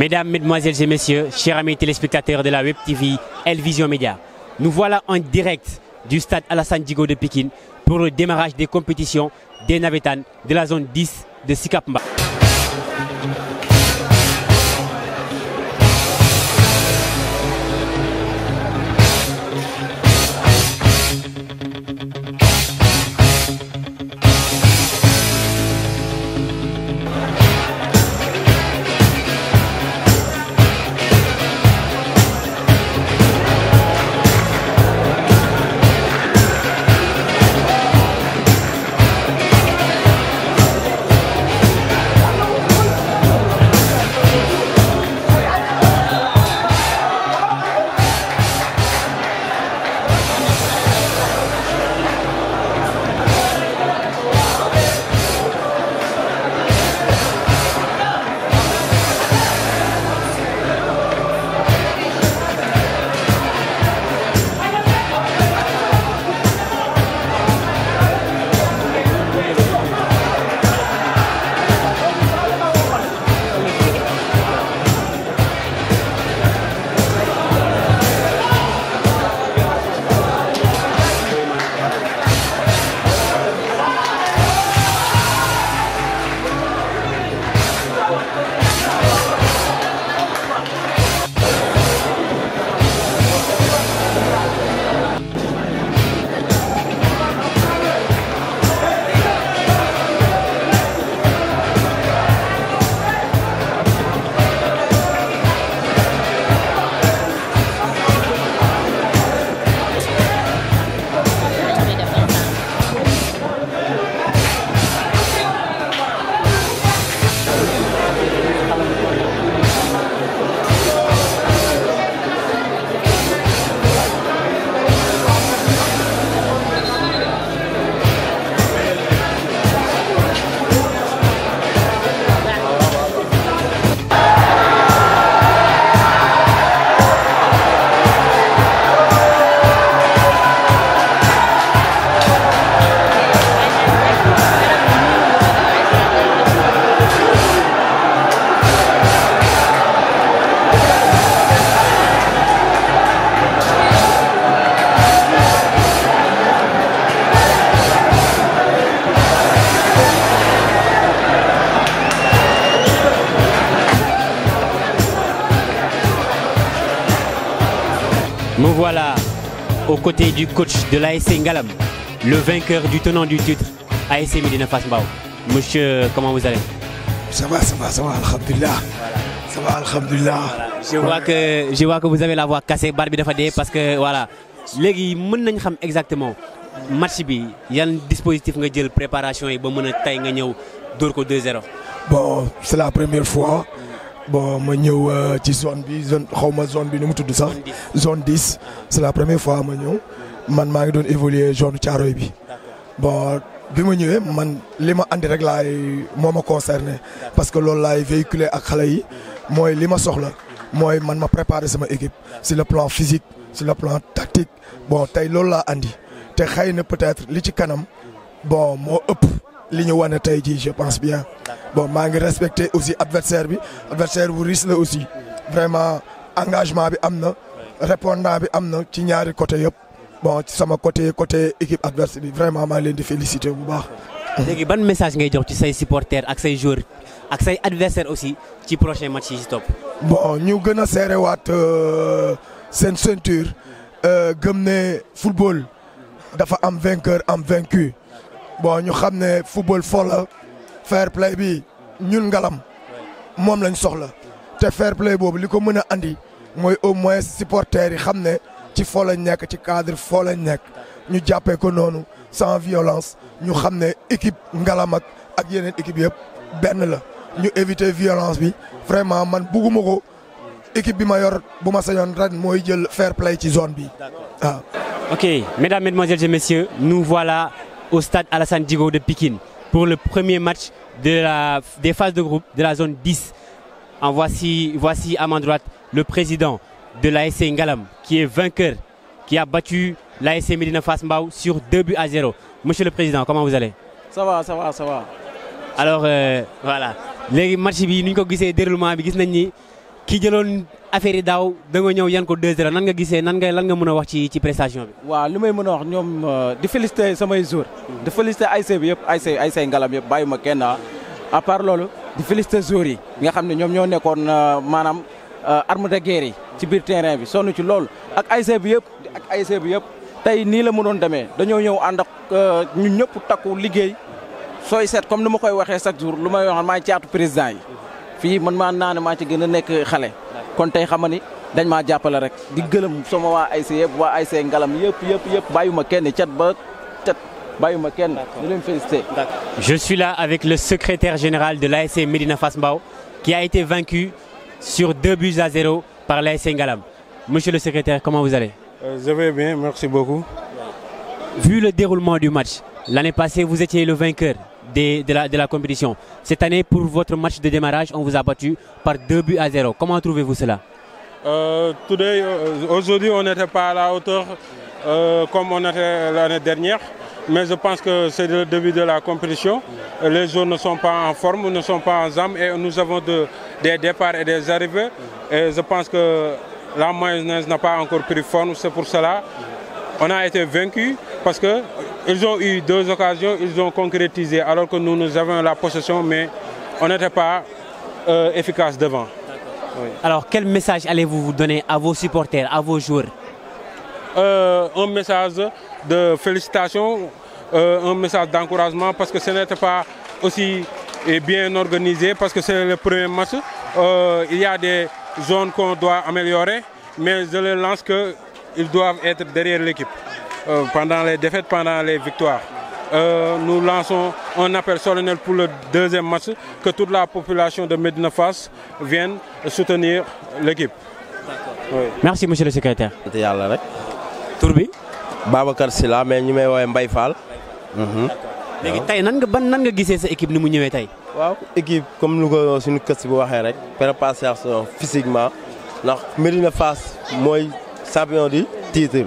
Mesdames, Mesdemoiselles et Messieurs, chers amis téléspectateurs de la Web TV Elvision Média, nous voilà en direct du stade Alassane Diego de Pékin pour le démarrage des compétitions des Navetan de la zone 10 de Sikapmba. aux côtés du coach de l'ASC Ngalam, le vainqueur du tenant du titre, ASC Medina Fasbao. Monsieur, comment vous allez Ça va, ça va, ça va, Alhamdulillah. Voilà. Ça va, Alhamdulillah. Je, vois que, je vois que vous avez la voix cassée, Barbi Fadé, parce que voilà. les Légui, exactement. savons exactement match a un dispositif de jël préparation et ba mëna tay nga 2-0 bon c'est la première fois bon ma suis euh, ci zone zone 10 c'est la première fois que je man maa évolué zone bon je suis man que suis parce que je véhiculé véhiculer à Kalaï je suis préparé ma soxla man ma équipe c'est le plan physique c'est le plan tactique bon c'est ce que andi te xëy peut-être li kanam bon moi li ñu wane je pense bien bon maa respecter aussi adversaire bi adversaire bu risque la aussi vraiment engagement bi am na répondant bi am na ci ñaari côté yëpp bon ci sama côté côté équipe adverse bi vraiment maa leen di félicité bu baax. ban message ngay jox ci say supporters ak say joueurs ak say adversaires aussi ci prochain match yi top. bon ñu gën a serré waat euh, seen ceinture euh, gëm ne football dafa am vainqueur am vaincu bon ñu xamné football fair play bi ñun ngalam lañ soxla fair play au moins supporters yi ci cadre lañ nous ñu ko sans violence ñu xamné équipe ngalam ak équipe la éviter violence vraiment man équipe bi ma yor nous fair play ci zone ah. ok mesdames mesdemoiselles et messieurs nous voilà au stade Alassane Diego de Pikine pour le premier match de la, des phases de groupe de la zone 10. En voici, voici à ma droite le président de l'ASC Ngalam qui est vainqueur, qui a battu l'ASC Medina Fasmbao sur 2 buts à 0. Monsieur le président, comment vous allez Ça va, ça va, ça va. Alors euh, voilà, les matchs, nous le déroulement, nous avons kii jëloon affaire yi daaw danga ñëw yan ko 2-0 nan nga gisee nan nga lan nga mën a wax ci ci prestation bi. waaw li may mën a wax ñoom euh, di féliciter samay joueurs. Hmm. di féliciter ASC bi yëpp ASC ASC ngalam yëpp bàyyi ma kenn ah. à part loolu di féliciter joueurs yi. nga xam ne ñoom ñoo nekkoon euh, maanaam euh, arme de yi. ci biir terrain bi sonn ci loolu. ak ASC bi yëpp ak ASC bi yëpp. tey nii la mënoon demee dañoo ñëw ànd ak ñun ñëpp takku liggéey sooy seet comme ni ma koy waxee chaque jour lu may wax maay caatu président yi. je suis là avec le secrétaire général de l'ASC Medina Fassmbaw qui a été vaincu sur deux buts à zéro par l'ASC Ngalam monsieur le secrétaire comment vous allez euh, je vais bien merci beaucoup vu le déroulement du match l'année passée vous étiez le vainqueur de, la, compétition. Cette année, pour votre match de démarrage, on vous a battu par 2 buts à 0. Comment trouvez-vous cela euh, euh, Aujourd'hui, on n'était pas à la hauteur euh, comme on était l'année dernière. Mais je pense que c'est le début de la compétition. Les joueurs ne sont pas en forme, ne sont pas en âme et nous avons des départs et des arrivées. Et je pense que la mayonnaise n'a pas encore pris forme, c'est pour cela. On a été vaincu parce que ils ont eu deux occasions, ils ont concrétisé, alors que nous, nous avons la possession, mais on n'était pas euh, efficace devant. Alors, quel message allez-vous vous donner à vos supporters, à vos joueurs euh, Un message de félicitations, euh, un message d'encouragement, parce que ce n'était pas aussi eh, bien organisé, parce que c'est le premier match. il y a des zones qu'on doit améliorer, mais je les lance qu'ils doivent être derrière l'équipe. Euh, pendant les défaites, pendant les victoires. Euh, nous lançons un appel solennel pour le deuxième match, que toute la population de Medina vienne soutenir l'équipe. Merci monsieur le secrétaire. Tourbi, Babacar mais nous may Mais mhm. équipe comme nous ko suñu physiquement Medina champion du titre.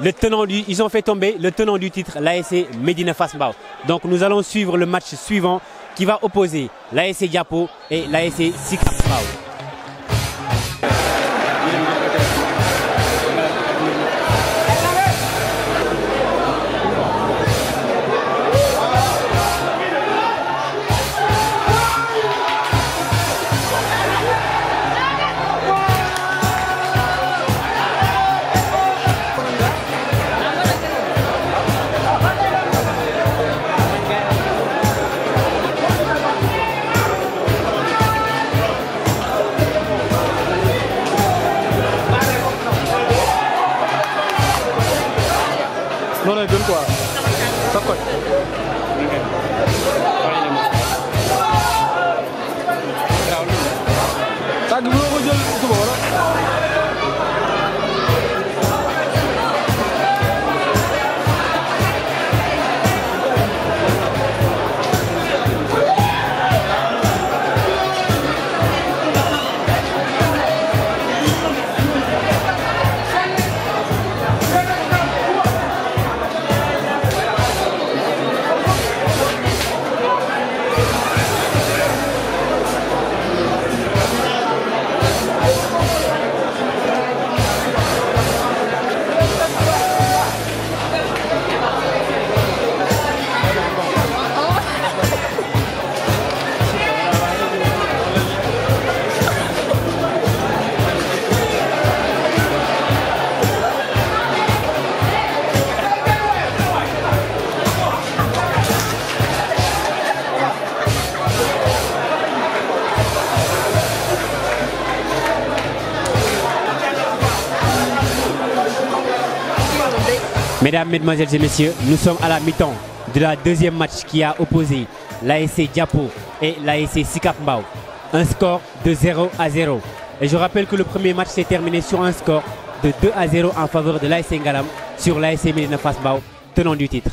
le tenant du, ils ont fait tomber le tenant du titre, l'ASC Medina Fasbao. Donc nous allons suivre le match suivant qui va opposer l'ASC Diapo et l'ASC Fasbao. त दुःख Mesdames, Mesdemoiselles et Messieurs, nous sommes à la mi-temps de la deuxième match qui a opposé l'ASC Diapo et l'ASC Sikap Un score de 0 à 0. Et je rappelle que le premier match s'est terminé sur un score de 2 à 0 en faveur de l'ASC Ngalam sur l'ASC Medina Fasbao, tenant du titre.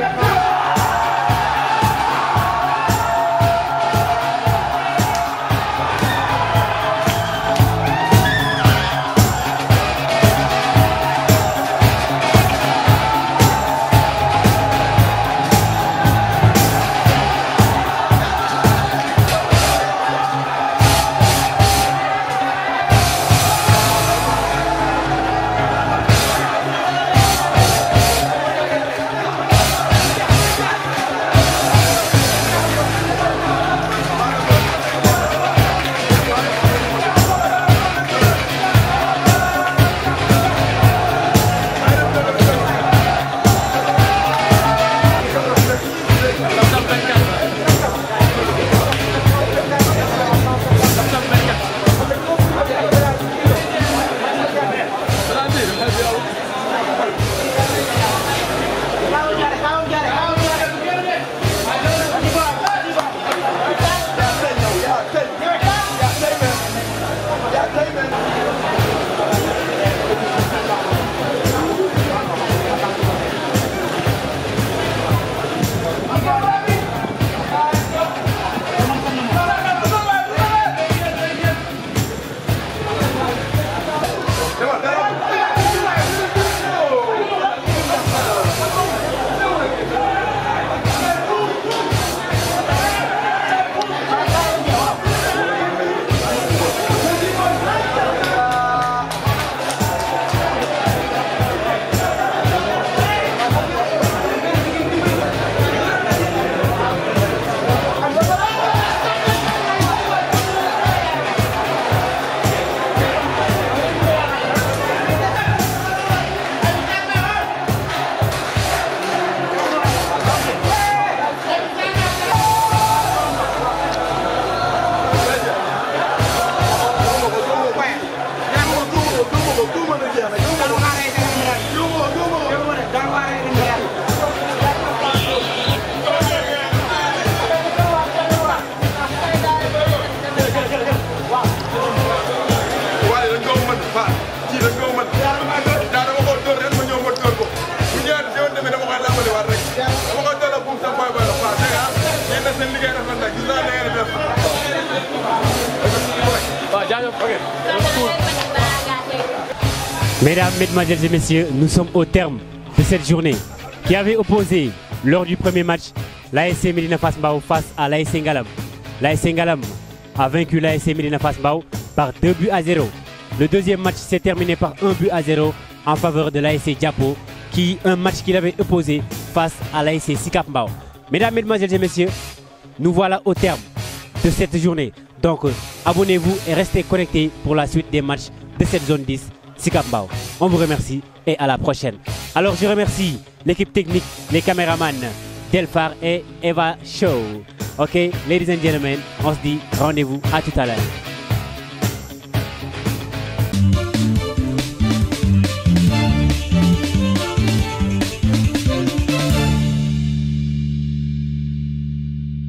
Yeah. Mesdames, Mesdemoiselles et Messieurs, nous sommes au terme de cette journée qui avait opposé lors du premier match l'ASC Medina Fasbao face à l'ASC Ngalam. L'ASC Ngalam a vaincu l'ASC Medina Fasbao par 2 buts à 0. Le deuxième match s'est terminé par 1 but à 0 en faveur de l'ASC Diapo qui un match qu'il avait opposé face à l'ASC Sikap Mesdames, Mesdemoiselles et Messieurs, nous voilà au terme de cette journée. Donc, abonnez-vous et restez connectés pour la suite des matchs de cette zone 10, Sikambao. On vous remercie et à la prochaine. Alors, je remercie l'équipe technique, les caméramans, Delphar et Eva Show. Ok, ladies and gentlemen, on se dit rendez-vous à tout à l'heure.